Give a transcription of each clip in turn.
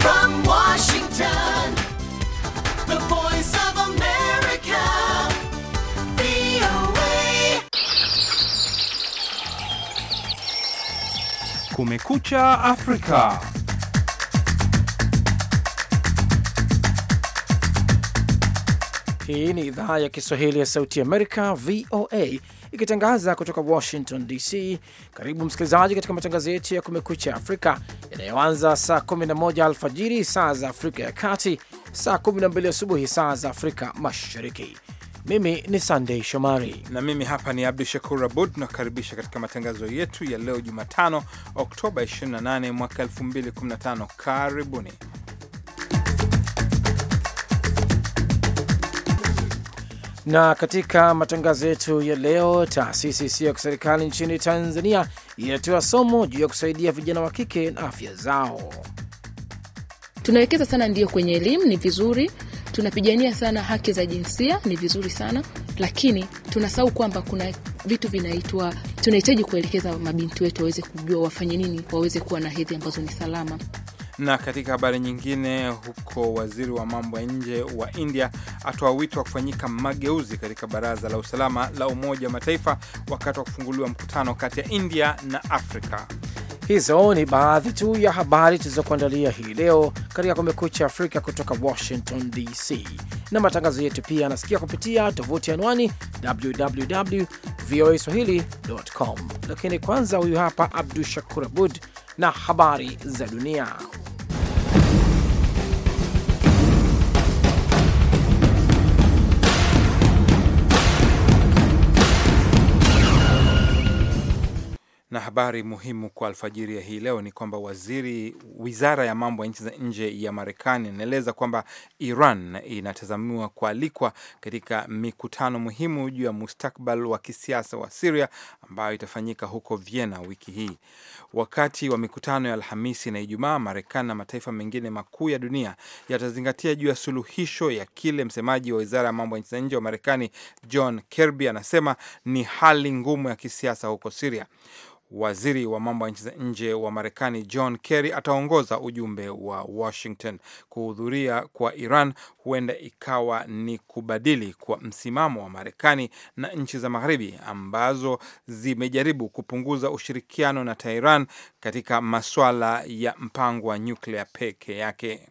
from Washington, the voice of America, VOA. Kumekucha Afrika. Hii ni idhaa ya Kiswahili ya Sauti ya Amerika, VOA ikitangaza kutoka Washington DC. Karibu msikilizaji, katika matangazo yetu ya Kumekucha Afrika yanayoanza saa 11 alfajiri saa za Afrika ya Kati, saa 12 asubuhi saa za Afrika Mashariki. Mimi ni Sandei Shomari na mimi hapa ni Abdu Shakur Abud. Tunakukaribisha katika matangazo yetu ya leo Jumatano, Oktoba 28 mwaka 2015. Karibuni. Na katika matangazo yetu ya leo, taasisi isiyo ya kiserikali nchini Tanzania inatoa somo juu ya kusaidia vijana wa kike na afya zao. Tunawekeza sana ndio kwenye elimu, ni vizuri. Tunapigania sana haki za jinsia, ni vizuri sana, lakini tunasahau kwamba kuna vitu vinaitwa, tunahitaji kuelekeza mabinti wetu waweze kujua wafanye nini, waweze kuwa na hedhi ambazo ni salama. Na katika habari nyingine, huko waziri wa mambo ya nje wa India atoa wito wa kufanyika mageuzi katika baraza la usalama la Umoja wa Mataifa wakati wa kufunguliwa mkutano kati ya India na Afrika. Hizo ni baadhi tu ya habari tulizokuandalia hii leo katika Kumekucha Afrika kutoka Washington DC, na matangazo yetu pia yanasikia kupitia tovuti anwani www voa swahili.com. Lakini kwanza, huyu hapa Abdu Shakur Abud na habari za dunia. Na habari muhimu kwa alfajiri ya hii leo ni kwamba waziri wizara ya mambo ya nchi za nje ya Marekani inaeleza kwamba Iran inatazamiwa kualikwa katika mikutano muhimu juu ya mustakbal wa kisiasa wa Siria ambayo itafanyika huko Vienna wiki hii. Wakati wa mikutano ya Alhamisi na Ijumaa, Marekani na mataifa mengine makuu ya dunia yatazingatia juu ya suluhisho ya kile msemaji wa wizara ya mambo ya nchi za nje wa Marekani John Kirby anasema ni hali ngumu ya kisiasa huko Siria. Waziri wa mambo ya nchi za nje wa Marekani John Kerry ataongoza ujumbe wa Washington. Kuhudhuria kwa Iran huenda ikawa ni kubadili kwa msimamo wa Marekani na nchi za Magharibi ambazo zimejaribu kupunguza ushirikiano na Tehran katika maswala ya mpango wa nyuklia peke yake.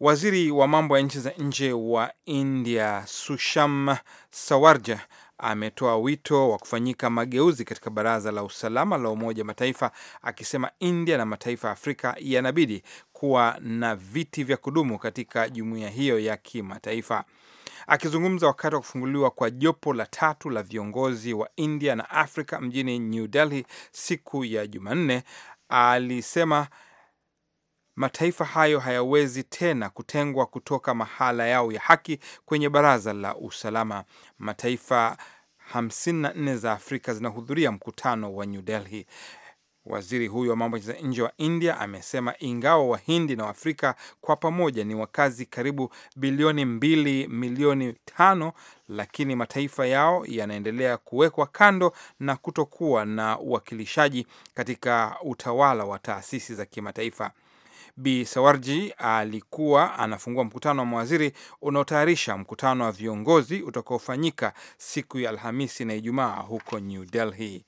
Waziri wa mambo ya nchi za nje wa India susham Sawarja ametoa wito wa kufanyika mageuzi katika baraza la usalama la Umoja Mataifa, akisema India na mataifa ya Afrika yanabidi kuwa na viti vya kudumu katika jumuiya hiyo ya kimataifa. Akizungumza wakati wa kufunguliwa kwa jopo la tatu la viongozi wa India na Afrika mjini New Delhi siku ya Jumanne, alisema mataifa hayo hayawezi tena kutengwa kutoka mahala yao ya haki kwenye Baraza la Usalama. Mataifa 54 za Afrika zinahudhuria mkutano wa New Delhi. Waziri huyo wa mambo ya nje wa India amesema ingawa Wahindi na Waafrika kwa pamoja ni wakazi karibu bilioni mbili milioni tano, lakini mataifa yao yanaendelea kuwekwa kando na kutokuwa na uwakilishaji katika utawala wa taasisi za kimataifa. Bi Sawarji alikuwa anafungua mkutano wa mawaziri unaotayarisha mkutano wa viongozi utakaofanyika siku ya Alhamisi na Ijumaa huko New Delhi.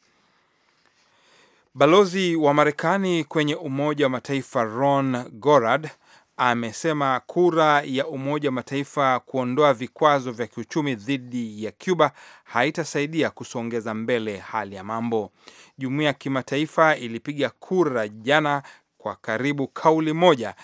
Balozi wa Marekani kwenye Umoja wa Mataifa Ron Gorad amesema kura ya Umoja wa Mataifa kuondoa vikwazo vya kiuchumi dhidi ya Cuba haitasaidia kusongeza mbele hali ya mambo. Jumuiya ya kimataifa ilipiga kura jana kwa karibu kauli moja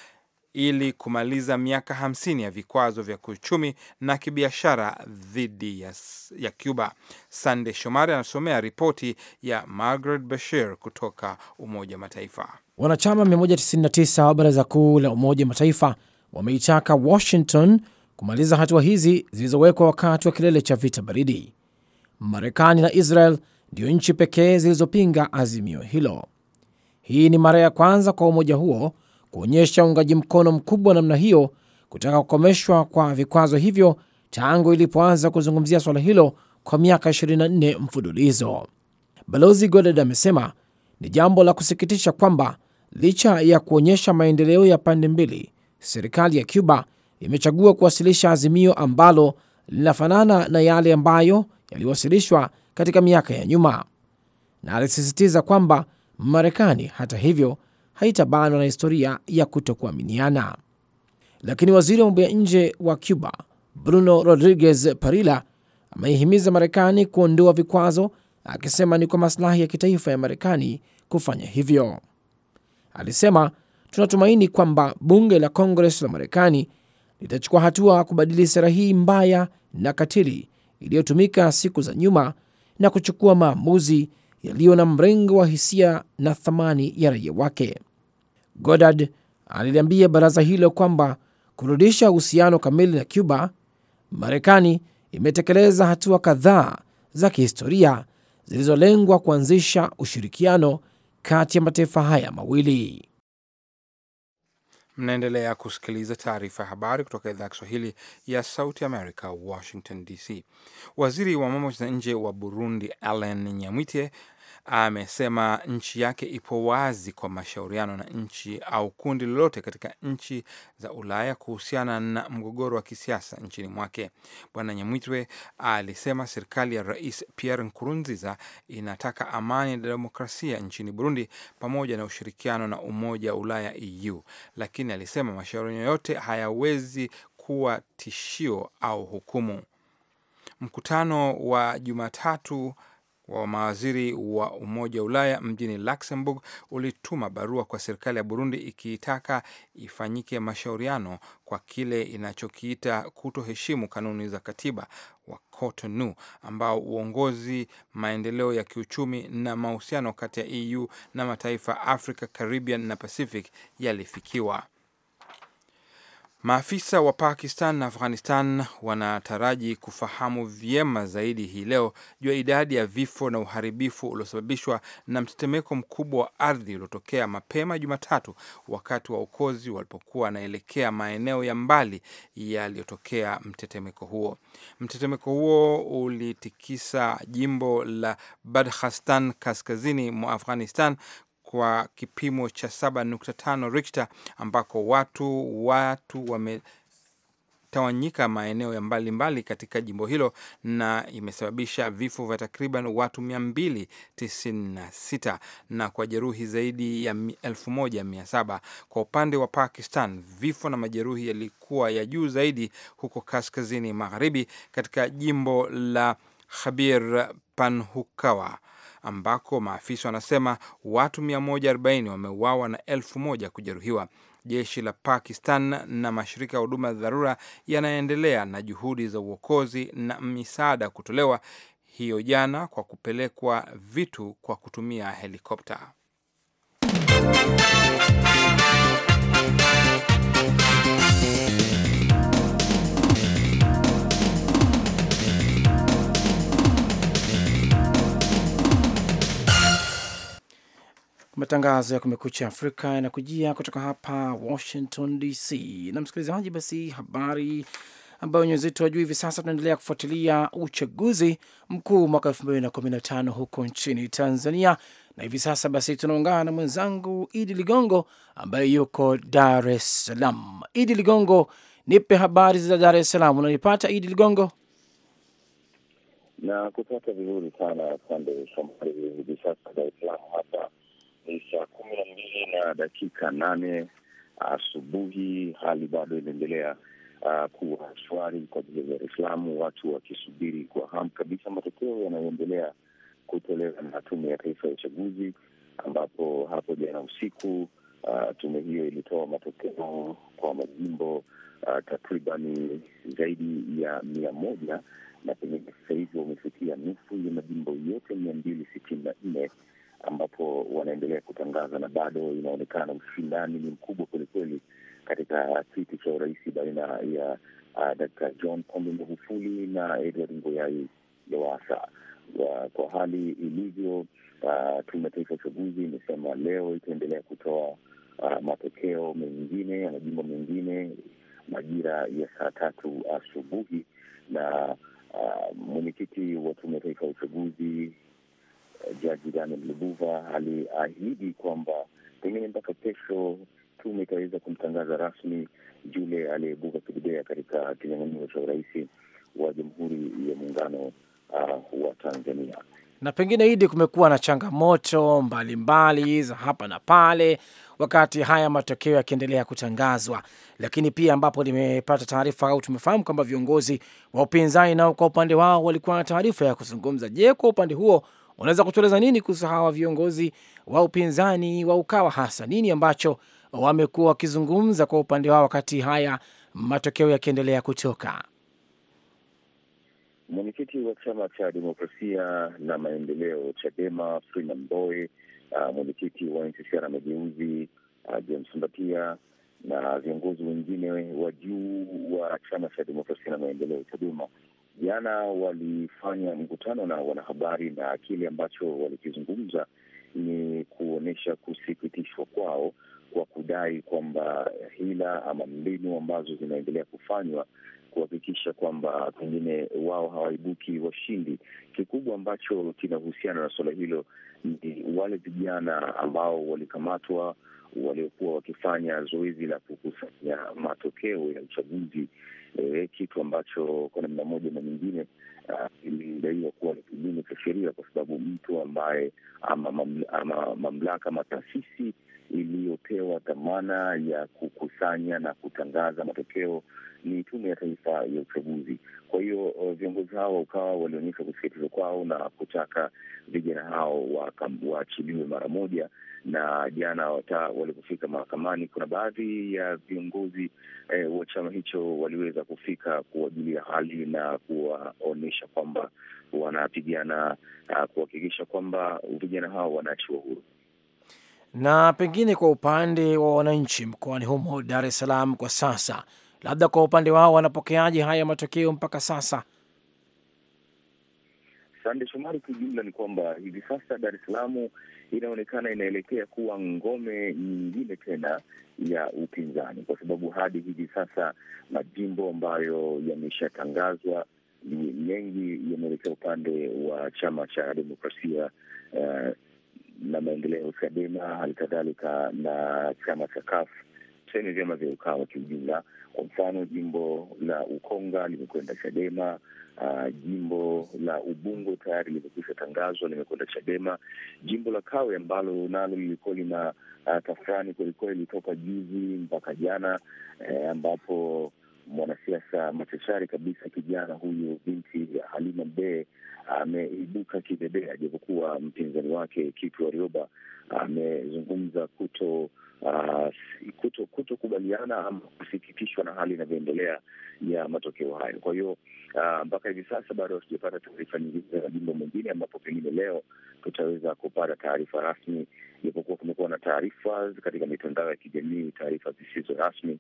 ili kumaliza miaka hamsini ya vikwazo vya kiuchumi na kibiashara dhidi ya, ya Cuba. Sande Shomari anasomea ripoti ya Margaret Bashir kutoka Umoja wa Mataifa. Wanachama 199 wa Baraza Kuu la Umoja wa Mataifa wameitaka Washington kumaliza hatua hizi zilizowekwa wakati wa kilele cha vita baridi. Marekani na Israel ndiyo nchi pekee zilizopinga azimio hilo. Hii ni mara ya kwanza kwa umoja huo kuonyesha uungaji mkono mkubwa namna hiyo kutaka kukomeshwa kwa vikwazo hivyo tangu ilipoanza kuzungumzia swala hilo kwa miaka 24 mfululizo. Balozi Goded amesema ni jambo la kusikitisha kwamba licha ya kuonyesha maendeleo ya pande mbili, serikali ya Cuba imechagua kuwasilisha azimio ambalo linafanana na yale ambayo yaliwasilishwa katika miaka ya nyuma, na alisisitiza kwamba Marekani hata hivyo haitabanwa na historia ya kutokuaminiana. Lakini waziri wa mambo ya nje wa Cuba Bruno Rodriguez Parilla ameihimiza Marekani kuondoa vikwazo, akisema ni kwa maslahi ya kitaifa ya Marekani kufanya hivyo. Alisema, tunatumaini kwamba bunge la Kongres la Marekani litachukua hatua kubadili sera hii mbaya na katili iliyotumika siku za nyuma na kuchukua maamuzi yaliyo na mrengo wa hisia na thamani ya raia wake. Godard aliliambia baraza hilo kwamba kurudisha uhusiano kamili na Cuba, Marekani imetekeleza hatua kadhaa za kihistoria zilizolengwa kuanzisha ushirikiano kati ya mataifa haya mawili. Mnaendelea kusikiliza taarifa ya habari kutoka idhaa ya Kiswahili ya Sauti America, Washington DC. Waziri wa mambo za nje wa Burundi Alain Nyamwite amesema nchi yake ipo wazi kwa mashauriano na nchi au kundi lolote katika nchi za Ulaya kuhusiana na mgogoro wa kisiasa nchini mwake. Bwana Nyamwitwe alisema serikali ya Rais Pierre Nkurunziza inataka amani na demokrasia nchini Burundi pamoja na ushirikiano na Umoja wa Ulaya EU, lakini alisema mashauriano yote hayawezi kuwa tishio au hukumu. Mkutano wa Jumatatu wa mawaziri wa Umoja wa Ulaya mjini Luxembourg ulituma barua kwa serikali ya Burundi ikiitaka ifanyike mashauriano kwa kile inachokiita kutoheshimu kanuni za katiba wa Cotonou ambao uongozi, maendeleo ya kiuchumi na mahusiano kati ya EU na mataifa Africa, Caribbean na Pacific yalifikiwa. Maafisa wa Pakistan na Afghanistan wanataraji kufahamu vyema zaidi hii leo juu ya idadi ya vifo na uharibifu uliosababishwa na mtetemeko mkubwa wa ardhi uliotokea mapema Jumatatu wakati waokozi walipokuwa wanaelekea maeneo ya mbali yaliyotokea mtetemeko huo. Mtetemeko huo ulitikisa jimbo la Badkhastan kaskazini mwa Afghanistan kwa kipimo cha 7.5 Richter ambako watu watu wame tawanyika maeneo ya mbalimbali mbali katika jimbo hilo na imesababisha vifo vya takriban watu 296 na kwa jeruhi zaidi ya 1700. Kwa upande wa Pakistan, vifo na majeruhi yalikuwa ya juu zaidi huko kaskazini magharibi katika jimbo la Khyber Pakhtunkhwa ambako maafisa wanasema watu 140 wameuawa na elfu moja kujeruhiwa. Jeshi la Pakistan na mashirika ya huduma za dharura yanaendelea na juhudi za uokozi na misaada kutolewa hiyo jana kwa kupelekwa vitu kwa kutumia helikopta. Matangazo ya Kumekucha Afrika yanakujia kutoka hapa Washington DC. Na msikilizaji, basi habari ambayo wenyewezitu wa juu hivi sasa, tunaendelea kufuatilia uchaguzi mkuu mwaka elfu mbili na kumi na tano huko nchini Tanzania, na hivi sasa basi tunaungana na mwenzangu Idi Ligongo ambaye yuko Dar es Salaam. Idi Ligongo, nipe habari za Dar es Salaam, unanipata Idi Ligongo? na kupata vizuri sana Sande Shomari. Hivi sasa Dar es Salaam hapa ni saa kumi na mbili na dakika nane asubuhi. Hali bado inaendelea uh, kuwa shwari kwa jiji la Dar es Salaam, watu wakisubiri kwa hamu kabisa matokeo yanayoendelea kutolewa na Tume ya Taifa ya Uchaguzi, ambapo hapo jana usiku uh, tume hiyo ilitoa matokeo kwa majimbo uh, takribani zaidi ya mia moja na pengine baraza na bado inaonekana ushindani ni mkubwa kwelikweli katika kiti cha urais baina ya uh, Dkt John Pombe Magufuli na Edward Ngoyai Lowassa. Kwa hali ilivyo, uh, Tume ya Taifa ya Uchaguzi imesema leo itaendelea kutoa uh, matokeo mengine ya majimbo mengine majira ya saa tatu asubuhi na uh, mwenyekiti wa Tume ya Taifa ya Uchaguzi Jaji Daniel Lubuva aliahidi kwamba pengine mpaka kesho tume itaweza kumtangaza rasmi yule aliyebuka kidedea katika kinyang'anyiro cha urais wa Jamhuri ya Muungano uh, wa Tanzania. Na pengine hidi kumekuwa na changamoto mbalimbali za hapa na pale wakati haya matokeo yakiendelea kutangazwa, lakini pia ambapo limepata taarifa au tumefahamu kwamba viongozi wa upinzani nao kwa upande wao walikuwa na taarifa ya kuzungumza. Je, kwa upande huo Unaweza kutueleza nini kuhusu hawa viongozi wa upinzani wa Ukawa, hasa nini ambacho wamekuwa wakizungumza kwa upande wao wakati haya matokeo yakiendelea kutoka? Mwenyekiti wa chama cha demokrasia na maendeleo Chadema Freeman Mbowe, uh, mwenyekiti wa NCCR Mageuzi uh, James Mbatia na viongozi wengine wa juu wa chama cha demokrasia na maendeleo Chadema Jana walifanya mkutano na wanahabari na kile ambacho walikizungumza ni kuonyesha kusikitishwa kwao kwa kudai kwamba hila ama mbinu ambazo zinaendelea kufanywa kuhakikisha kwamba pengine wao hawaibuki washindi. Kikubwa ambacho kinahusiana na suala hilo ni wale vijana ambao walikamatwa waliokuwa wakifanya zoezi la kukusanya matokeo ya uchaguzi eh, kitu ambacho kwa namna moja na nyingine ilidaiwa kuwa ni kinyume cha sheria, kwa sababu mtu ambaye ama, ama mamlaka ama taasisi iliyopewa dhamana ya kukusanya na kutangaza matokeo ni Tume ya Taifa ya Uchaguzi. Kwa hiyo viongozi hao wa UKAWA walionyesha kusikitishwa kwao na kutaka vijana hao waachiliwe mara moja na jana walipofika mahakamani, kuna baadhi ya viongozi eh, wa chama hicho waliweza kufika kuwajulia hali na kuwaonyesha kwamba wanapigana uh, kuhakikisha kwamba vijana hao wanaachiwa huru na pengine kwa upande wa wananchi mkoani humo Dar es Salaam kwa sasa, labda kwa upande wao wanapokeaje haya matokeo mpaka sasa, Sande Shomari, kiujumla ni kwamba hivi sasa Dar es Salaam inaonekana inaelekea kuwa ngome nyingine tena ya upinzani, kwa sababu hadi hivi sasa majimbo ambayo yameshatangazwa mengi yameelekea upande wa chama cha demokrasia uh, na maendeleo CHADEMA, hali kadhalika na chama cha CUF, tuseme vyama vya UKAWA kiujumla kwa mfano jimbo la Ukonga limekwenda Chadema. Uh, jimbo la Ubungo tayari limekwisha tangazwa limekwenda Chadema. Jimbo la Kawe ambalo nalo lilikuwa lina uh, tafurani kwelikweli toka juzi mpaka jana eh, ambapo mwanasiasa machachari kabisa kijana huyu binti Halima Mdee ameibuka kidedea, japokuwa mpinzani wake Kitu Warioba amezungumza kuto Uh, kuto kutokubaliana ama kusikitishwa na hali inavyoendelea ya matokeo hayo. Kwa hiyo uh, mpaka hivi sasa bado hatujapata taarifa nyingine za majimbo mengine, ambapo pengine leo tutaweza kupata taarifa rasmi, japokuwa kumekuwa na taarifa katika mitandao ya kijamii, taarifa zisizo rasmi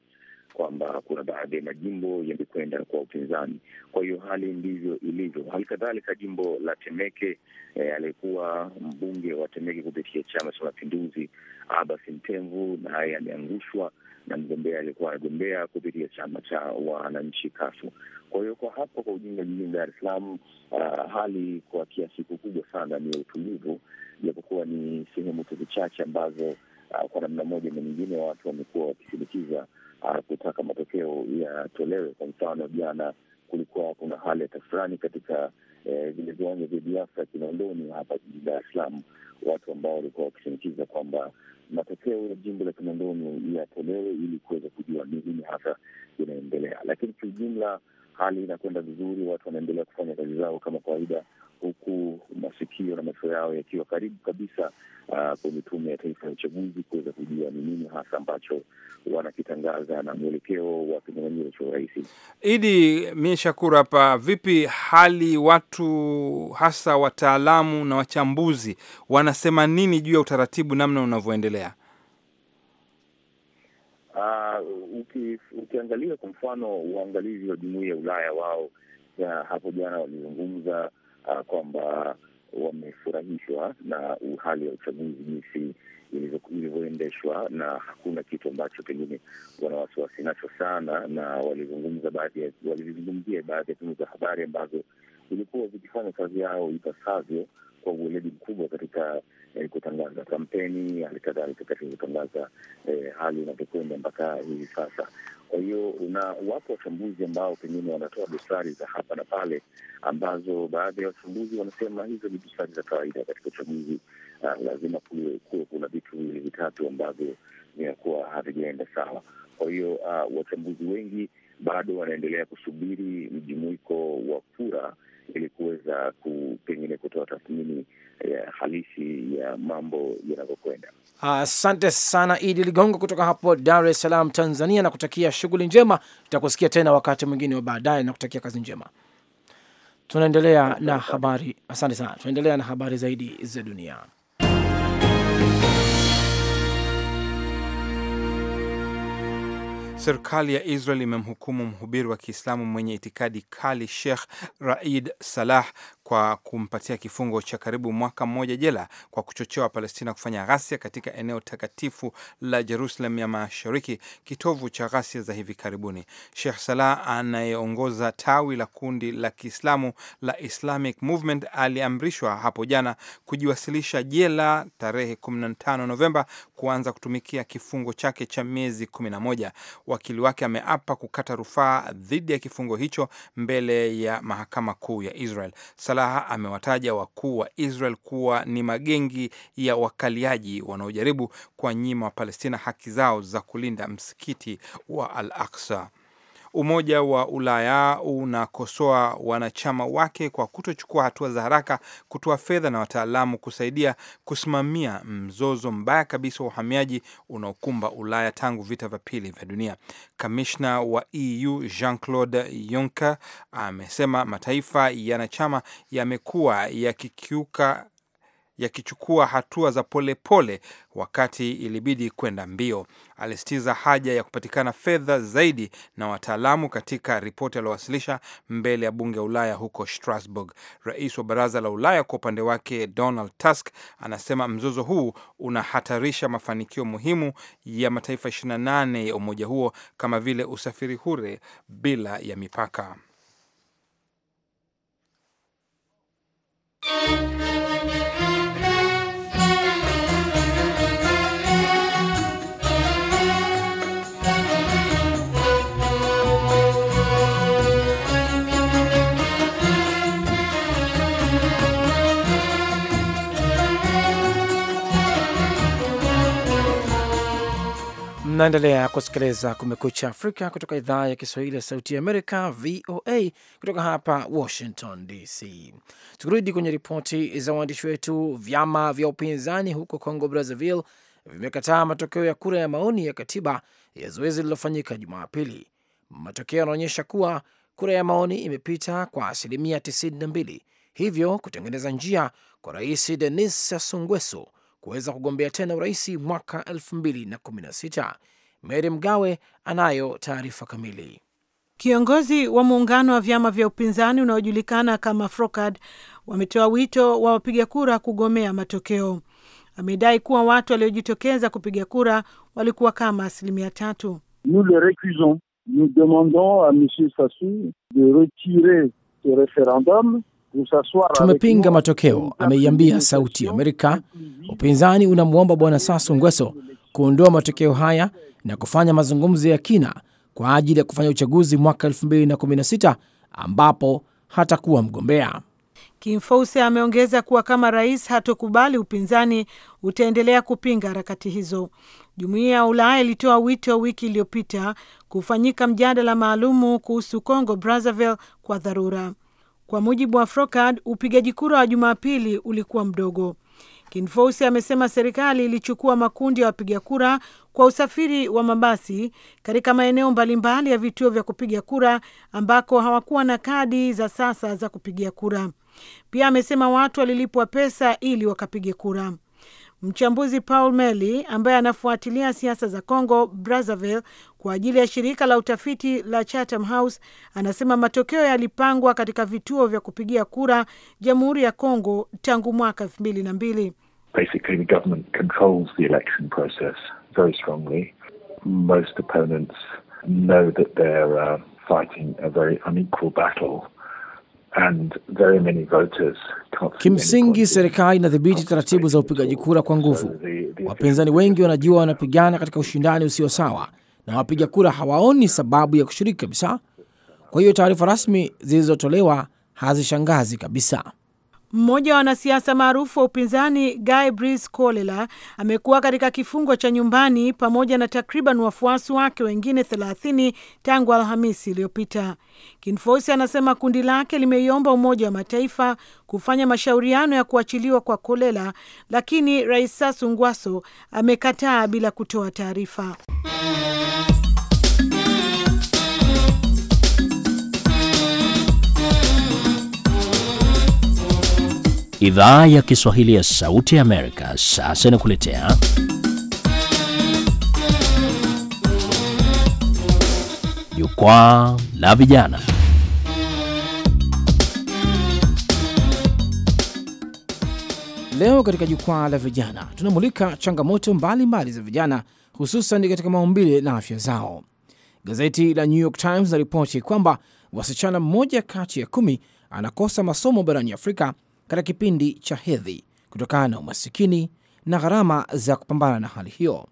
kwamba kuna baadhi ya majimbo yamekwenda kwa upinzani. Kwa hiyo hali ndivyo ilivyo. Hali kadhalika jimbo la Temeke, eh, aliyekuwa mbunge wa Temeke kupitia Chama cha Mapinduzi Abbas Mtemvu naye ameangushwa na mgombea aliyekuwa anagombea kupitia chama cha wananchi kafu. Kwa hiyo kwa hapo kwa ujumla, jijini Dar es Salaam uh, hali kwa kiasi kikubwa sana ni ya utulivu, japokuwa ni sehemu tu vichache ambazo uh, kwa namna moja na nyingine watu wamekuwa wakisinikiza uh, kutaka matokeo yatolewe. Kwa mfano, jana kulikuwa kuna hali ya tafurani katika eh, vile viwanja vya Biafra Kinondoni hapa jijini Dar es Salaam, watu ambao walikuwa wakishinikiza kwamba matokeo ya jimbo la Kinondoni yatolewe ili kuweza kujua ni nini hasa inaendelea. Lakini kiujumla hali inakwenda vizuri, watu wanaendelea kufanya kazi zao kama kawaida huku masikio na macho yao yakiwa karibu kabisa uh, kwenye Tume ya Taifa ya Uchaguzi kuweza kujua ni nini hasa ambacho wanakitangaza na mwelekeo wa kinyang'anyiro cha urais. Idi mi shakuru hapa, vipi hali watu hasa wataalamu na wachambuzi wanasema nini juu ya utaratibu namna unavyoendelea? Uh, uki, ukiangalia kwa mfano uangalizi wa jumuiya ya Ulaya wao uh, hapo jana walizungumza uh, kwamba wamefurahishwa na hali ya uchaguzi jinsi ilivyoendeshwa, na hakuna kitu ambacho pengine wana wasiwasi nacho sana, na walizungumza baadhi, walizungumzia baadhi ya vyombo vya habari ambazo vilikuwa vikifanya kazi yao ipasavyo kwa uweledi mkubwa katika eh, kutangaza kampeni, hali kadhalika katika kutangaza eh, hali inavyokwenda mpaka hivi sasa. Kwa hiyo una wapo wachambuzi ambao pengine wanatoa dosari za hapa na pale, ambazo baadhi ya wachambuzi wanasema hizo ni dosari za kawaida katika uchaguzi. Uh, ah, lazima kuwe kuna vitu viwili vitatu ambavyo vinakuwa havijaenda sawa. Kwa hiyo uh, wachambuzi wengi bado wanaendelea kusubiri mjumuiko wa kura ili kuweza ku, pengine kutoa tathmini ya eh, halisi ya mambo yanavyokwenda. Asante sana Idi Ligongo kutoka hapo Dar es Salaam, Tanzania, na kutakia shughuli njema. Tutakusikia tena wakati mwingine wa baadaye na kutakia kazi njema. Tunaendelea na habari. Asante sana. Tunaendelea na habari zaidi za dunia. Serikali ya Israel imemhukumu mhubiri wa Kiislamu mwenye itikadi kali Sheikh Raid Salah kwa kumpatia kifungo cha karibu mwaka mmoja jela kwa kuchochea Wapalestina kufanya ghasia katika eneo takatifu la Jerusalem ya Mashariki, kitovu cha ghasia za hivi karibuni. Sheikh Salah anayeongoza tawi la kundi la Kiislamu la Islamic Movement aliamrishwa hapo jana kujiwasilisha jela tarehe 15 Novemba kuanza kutumikia kifungo chake cha miezi 11. Wakili wake ameapa kukata rufaa dhidi ya kifungo hicho mbele ya mahakama kuu ya Israel. Salah silaha amewataja wakuu wa Israel kuwa ni magengi ya wakaliaji wanaojaribu kuwanyima Wapalestina haki zao za kulinda msikiti wa Al Aksa. Umoja wa Ulaya unakosoa wanachama wake kwa kutochukua hatua za haraka kutoa fedha na wataalamu kusaidia kusimamia mzozo mbaya kabisa wa uhamiaji unaokumba Ulaya tangu vita vya pili vya dunia. Kamishna wa EU Jean-Claude Juncker amesema mataifa yanachama yamekuwa yakikiuka yakichukua hatua za polepole pole, wakati ilibidi kwenda mbio. Alisitiza haja ya kupatikana fedha zaidi na wataalamu katika ripoti aliowasilisha mbele ya bunge ya Ulaya huko Strasbourg. Rais wa baraza la Ulaya kwa upande wake Donald Tusk anasema mzozo huu unahatarisha mafanikio muhimu ya mataifa 28 ya umoja huo kama vile usafiri huru bila ya mipaka. Mnaendelea kusikiliza Kumekucha Afrika kutoka idhaa ya Kiswahili ya Sauti ya Amerika, VOA, kutoka hapa Washington DC. Tukirudi kwenye ripoti za waandishi wetu, vyama vya upinzani huko Congo Brazzaville vimekataa matokeo ya kura ya maoni ya katiba ya zoezi lililofanyika Jumapili. Matokeo yanaonyesha kuwa kura ya maoni imepita kwa asilimia 92, hivyo kutengeneza njia kwa Rais Denis Sassou Nguesso kuweza kugombea tena urais mwaka 2016. Mary Mgawe anayo taarifa kamili. Kiongozi wa muungano wa vyama vya upinzani unaojulikana kama Frocad wametoa wito wa wapiga kura kugomea matokeo. Amedai kuwa watu waliojitokeza kupiga kura walikuwa kama asilimia tatu. Nous Nous demandons à M. Sassou de retirer ce referendum Tumepinga matokeo, ameiambia Sauti Amerika. Upinzani unamwomba Bwana Sasu Ngweso kuondoa matokeo haya na kufanya mazungumzo ya kina kwa ajili ya kufanya uchaguzi mwaka 2016 ambapo hatakuwa mgombea. Kimfousi ameongeza kuwa kama rais hatokubali, upinzani utaendelea kupinga harakati hizo. Jumuiya ya Ulaya ilitoa wito wiki iliyopita kufanyika mjadala maalumu kuhusu Congo Brazzaville kwa dharura. Kwa mujibu wa Frocard, upigaji kura wa Jumapili ulikuwa mdogo. Kinfousi amesema serikali ilichukua makundi ya wapiga kura kwa usafiri wa mabasi katika maeneo mbalimbali ya vituo vya kupiga kura ambako hawakuwa na kadi za sasa za kupigia kura. Pia amesema watu walilipwa pesa ili wakapige kura. Mchambuzi Paul Meli ambaye anafuatilia siasa za Congo Brazzaville kwa ajili ya shirika la utafiti la Chatham House anasema matokeo yalipangwa katika vituo vya kupigia kura Jamhuri ya Congo tangu mwaka elfu mbili na mbili. Most opponents know that they're uh, fighting a very unequal battle. And very many voters kimsingi, serikali inadhibiti taratibu za upigaji kura kwa nguvu. Wapinzani wengi wanajua wanapigana katika ushindani usio sawa, na wapiga kura hawaoni sababu ya kushiriki kabisa. Kwa hiyo taarifa rasmi zilizotolewa hazishangazi kabisa. Mmoja wa wanasiasa maarufu wa upinzani Guy Brice colela amekuwa katika kifungo cha nyumbani pamoja na takriban wafuasi wake wengine 30 tangu Alhamisi iliyopita. Kinfosi anasema kundi lake limeiomba Umoja wa Mataifa kufanya mashauriano ya kuachiliwa kwa Kolela, lakini Rais Sassou Nguesso amekataa bila kutoa taarifa. Idhaa ya Kiswahili ya Sauti ya Amerika sasa inakuletea Jukwaa la Vijana. Leo katika Jukwaa la Vijana tunamulika changamoto mbalimbali mbali za vijana, hususan katika maumbile na afya zao. Gazeti la New York Times linaripoti kwamba wasichana mmoja kati ya kumi anakosa masomo barani Afrika katika kipindi cha hedhi kutokana na umasikini na gharama za kupambana na hali hiyo.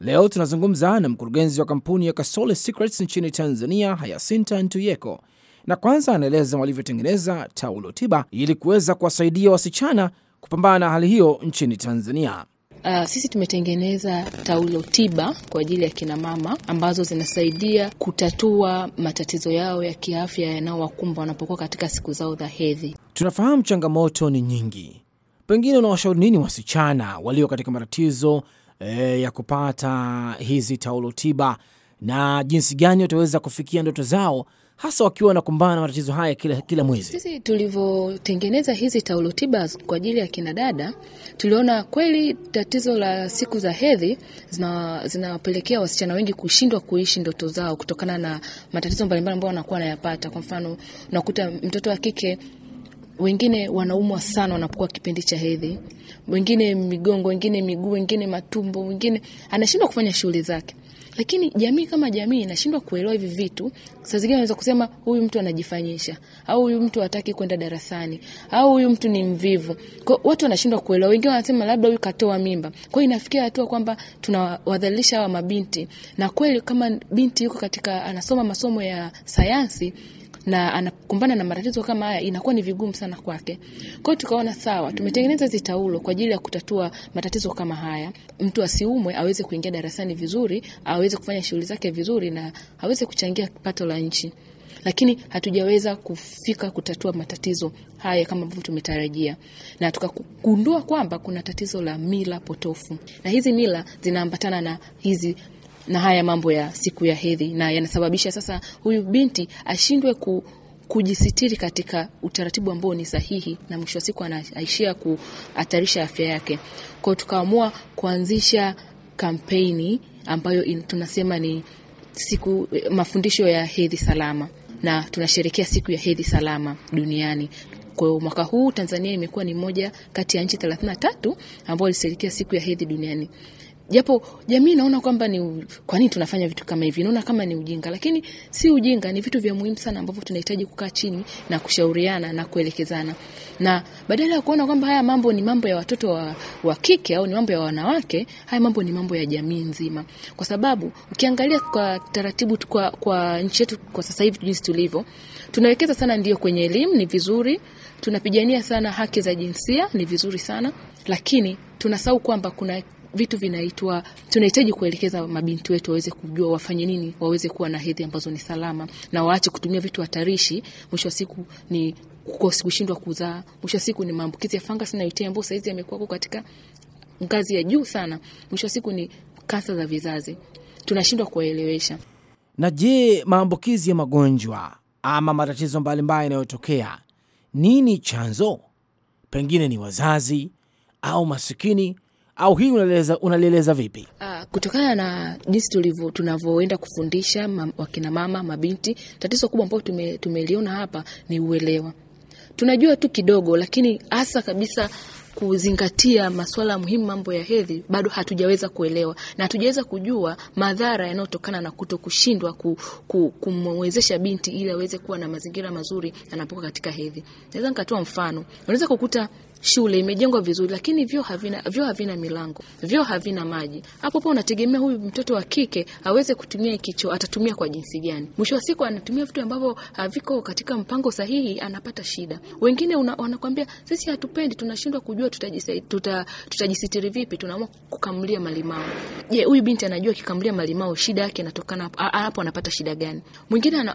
Leo tunazungumza na mkurugenzi wa kampuni ya Kasole Secrets nchini Tanzania, Hayasinta Ntuyeko, na kwanza anaeleza walivyotengeneza taulo tiba ili kuweza kuwasaidia wasichana kupambana na hali hiyo nchini Tanzania. Uh, sisi tumetengeneza taulo tiba kwa ajili ya kinamama ambazo zinasaidia kutatua matatizo yao ya kiafya yanayowakumba wanapokuwa katika siku zao za hedhi. Tunafahamu changamoto ni nyingi, pengine unawashauri nini wasichana walio katika matatizo e, ya kupata hizi taulo tiba na jinsi gani wataweza kufikia ndoto zao hasa wakiwa wanakumbana na matatizo haya kila, kila mwezi? Sisi tulivyotengeneza hizi taulo tiba kwa ajili ya kina dada, tuliona kweli tatizo la siku za hedhi zinawapelekea wasichana wengi kushindwa kuishi ndoto zao kutokana na matatizo mbalimbali ambayo wanakuwa wanayapata. Kwa mfano, unakuta mtoto wa kike wengine wanaumwa sana wanapokuwa kipindi cha hedhi, wengine migongo, wengine miguu, wengine matumbo, wengine anashindwa kufanya shughuli zake. Lakini jamii kama jamii inashindwa kuelewa hivi vitu. Saa zingine kusema huyu mtu anajifanyisha, au huyu mtu hataki kwenda darasani, au huyu mtu ni mvivu. Kwa watu wanashindwa kuelewa, wengine wanasema labda huyu katoa mimba. Kwa hiyo inafikia hatua kwamba tunawadhalilisha hawa mabinti, na kweli kama binti yuko katika anasoma masomo ya sayansi na anakumbana na matatizo kama haya, inakuwa ni vigumu sana kwake. Kwa hiyo tukaona sawa, tumetengeneza hizi taulo kwa ajili ya kutatua matatizo kama haya, mtu asiumwe, aweze kuingia darasani vizuri, aweze kufanya shughuli zake vizuri, na aweze kuchangia pato la nchi lakini hatujaweza kufika kutatua matatizo haya kama ambavyo tumetarajia, na tukagundua kwamba kuna tatizo la mila potofu, na hizi mila zinaambatana na hizi na haya mambo ya siku ya hedhi, na yanasababisha sasa huyu binti ashindwe ku kujisitiri katika utaratibu ambao ni sahihi, na mwisho wa siku anaishia kuhatarisha afya yake. Kwa hiyo tukaamua kuanzisha kampeni ambayo in, tunasema ni siku mafundisho ya hedhi salama, na tunasherekea siku ya hedhi salama duniani. Kwa hiyo mwaka huu Tanzania imekuwa ni moja kati ya nchi 33 ambayo ilisherekea siku ya hedhi duniani japo jamii naona kwamba ni kwa nini tunafanya vitu kama hivi, naona kama ni ujinga, lakini si ujinga, ni vitu vya muhimu sana ambavyo tunahitaji kukaa chini na kushauriana na kuelekezana, na badala ya kuona kwamba haya mambo ni mambo ya watoto wa, wa kike au ni mambo ya wanawake, haya mambo ni mambo ya jamii nzima, kwa sababu ukiangalia kwa taratibu kwa, kwa nchi yetu kwa sasa hivi jinsi tulivyo, tunawekeza sana ndio kwenye elimu, ni vizuri, tunapigania sana haki za jinsia, ni vizuri sana, lakini tunasahau kwamba kuna vitu vinaitwa, tunahitaji kuelekeza mabinti wetu waweze kujua wafanye nini, waweze kuwa na hedhi ambazo ni salama na waache kutumia vitu hatarishi. Mwisho wa siku ni kushindwa kuzaa, mwisho wa siku ni maambukizi ya fangasi na UTI ambao saizi yamekuwako katika ngazi ya juu sana. Mwisho wa siku ni kansa za vizazi, tunashindwa kuwaelewesha. Na je, maambukizi ya magonjwa ama matatizo mbalimbali yanayotokea, nini chanzo? Pengine ni wazazi au masikini au hii unalieleza, unalieleza vipi? Uh, kutokana na jinsi tunavyoenda kufundisha mam, wakina mama mabinti, tatizo kubwa ambayo tume, tumeliona hapa ni uelewa. Tunajua tu kidogo, lakini hasa kabisa kuzingatia masuala muhimu mambo ya hedhi bado hatujaweza kuelewa na hatujaweza kujua madhara yanayotokana na kuto kushindwa ku, ku, kumwezesha binti ili aweze kuwa na mazingira mazuri anapoka katika hedhi. Naweza nikatoa mfano, unaweza kukuta shule imejengwa vizuri, lakini vyo havina, vyo havina milango, vyo havina maji. Hapo hapo unategemea huyu mtoto wa kike aweze kutumia hiki atatumia kwa jinsi gani? Mwisho wa siku anatumia vitu ambavyo haviko katika mpango sahihi, anapata shida. Wengine wanakwambia sisi hatupendi, tunashindwa kujua tutajisitiri tuta, tuta vipi, tunaamua kukamlia malimao. Je, huyu binti anajua kikamulia malimao shida yake inatokana hapo, anapata shida gani? Mwingine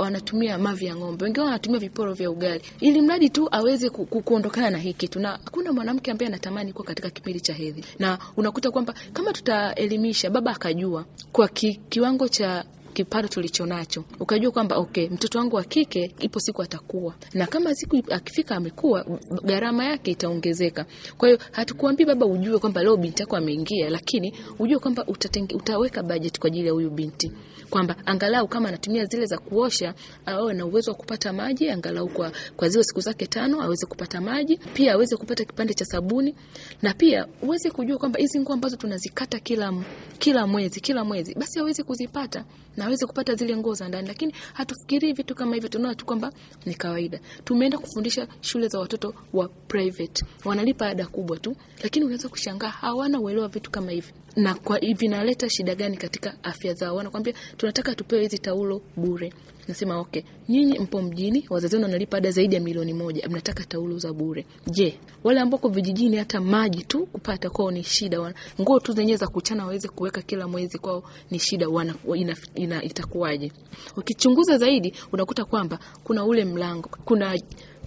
wanatumia mavi ya ng'ombe, wengine wanatumia viporo vya ugali, ili mradi tu aweze ku, ku, kuondokana na hiki kitu, na hakuna mwanamke ambaye anatamani kuwa katika kipindi cha hedhi, na unakuta kwamba kama tutaelimisha, baba akajua kwa ki, kiwango cha kipato tulicho nacho, ukajua kwamba okay, mtoto wangu wa kike ipo siku atakuwa na, kama siku akifika amekuwa, gharama yake itaongezeka. Kwa hiyo hatukuambii baba ujue kwamba leo binti yako ameingia, lakini ujue kwamba utaweka bajeti kwa ajili ya huyu binti kwamba angalau kama anatumia zile za kuosha awe na uwezo wa kupata maji angalau kwa, kwa zile siku zake tano aweze kupata maji, pia aweze kupata kipande cha sabuni, na pia uweze kujua kwamba hizi nguo ambazo tunazikata kila, kila mwezi kila mwezi, basi aweze kuzipata na aweze kupata zile nguo za ndani. Lakini hatufikirii vitu kama hivyo, tunaona tu kwamba ni kawaida. Tumeenda kufundisha shule za watoto wa private, wanalipa ada kubwa tu, lakini unaweza kushangaa hawana uelewa vitu kama hivi na kwa vinaleta shida gani katika afya zao. Wanakwambia tunataka tupewe hizi taulo bure. Nasema okay, nyinyi mpo mjini, wazazi wenu wanalipa ada zaidi ya milioni moja, mnataka taulo za bure. Je, wale ambao kwa vijijini hata maji tu kupata kwao ni shida, nguo tu zenyewe za kuchana waweze kuweka kila mwezi kwao ni shida, wana, ina, ina, itakuwaje? Ukichunguza zaidi unakuta kwamba kuna ule mlango, kuna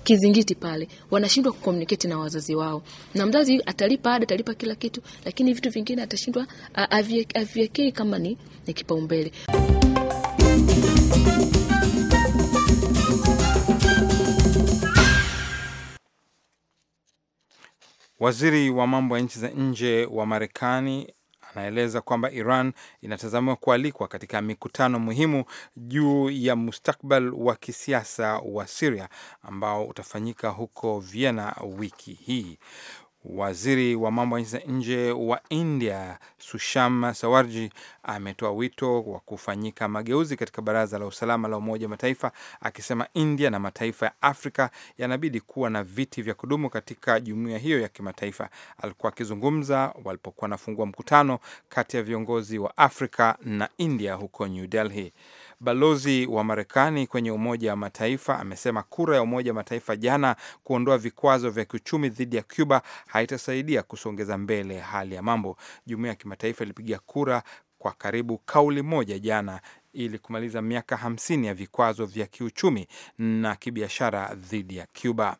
kizingiti pale, wanashindwa kucommunicate na wazazi wao, na mzazi atalipa ada, atalipa kila kitu, lakini vitu vingine atashindwa aviekei kama ni, ni kipaumbele. Waziri wa mambo ya nchi za nje wa Marekani anaeleza kwamba Iran inatazamiwa kualikwa katika mikutano muhimu juu ya mustakbal wa kisiasa wa Siria ambao utafanyika huko Vienna wiki hii. Waziri wa mambo ya nje wa India Sushama Sawarji ametoa wito wa kufanyika mageuzi katika Baraza la Usalama la Umoja wa Mataifa, akisema India na mataifa ya Afrika yanabidi kuwa na viti vya kudumu katika jumuiya hiyo ya kimataifa. Alikuwa akizungumza walipokuwa wanafungua mkutano kati ya viongozi wa Afrika na India huko New Delhi. Balozi wa Marekani kwenye Umoja wa Mataifa amesema kura ya Umoja wa Mataifa jana kuondoa vikwazo vya kiuchumi dhidi ya Cuba haitasaidia kusongeza mbele hali ya mambo. Jumuiya ya kimataifa ilipiga kura kwa karibu kauli moja jana ili kumaliza miaka hamsini ya vikwazo vya kiuchumi na kibiashara dhidi ya Cuba.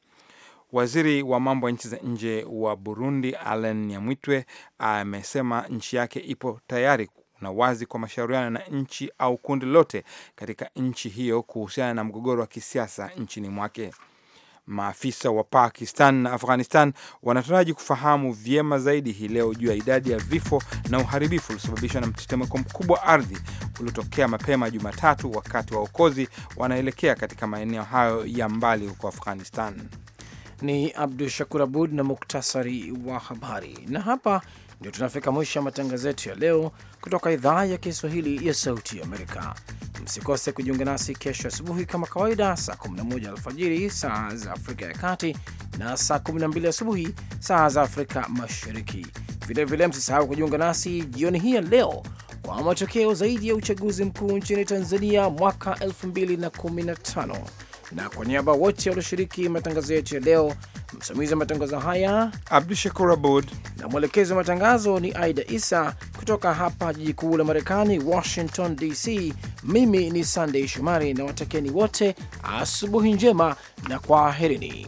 Waziri wa mambo ya nchi za nje wa Burundi Alain Nyamitwe amesema nchi yake ipo tayari na wazi kwa mashauriano na nchi au kundi lote katika nchi hiyo kuhusiana na mgogoro wa kisiasa nchini mwake. Maafisa wa Pakistan na Afghanistan wanataraji kufahamu vyema zaidi hii leo juu ya idadi ya vifo na uharibifu uliosababishwa na mtetemeko mkubwa wa ardhi uliotokea mapema Jumatatu, wakati waokozi wanaelekea katika maeneo hayo ya mbali huko Afghanistan. Ni Abdu Shakur Abud na muktasari wa habari. Na hapa ndio tunafika mwisho ya matangazo yetu ya leo kutoka idhaa ya Kiswahili ya Sauti ya Amerika. Msikose kujiunga nasi kesho asubuhi kama kawaida, saa 11 alfajiri saa za Afrika ya Kati na saa 12 asubuhi saa za Afrika Mashariki. Vilevile msisahau kujiunga nasi jioni hii ya leo kwa matokeo zaidi ya uchaguzi mkuu nchini Tanzania mwaka 2015 na kwa niaba wote walioshiriki matangazo yetu ya leo, msimamizi wa matangazo haya Abdu Shakur Abud na mwelekezi wa matangazo ni Aida Isa kutoka hapa jiji kuu la Marekani, Washington DC. Mimi ni Sandey Shomari na watakeni wote asubuhi njema na kwaherini.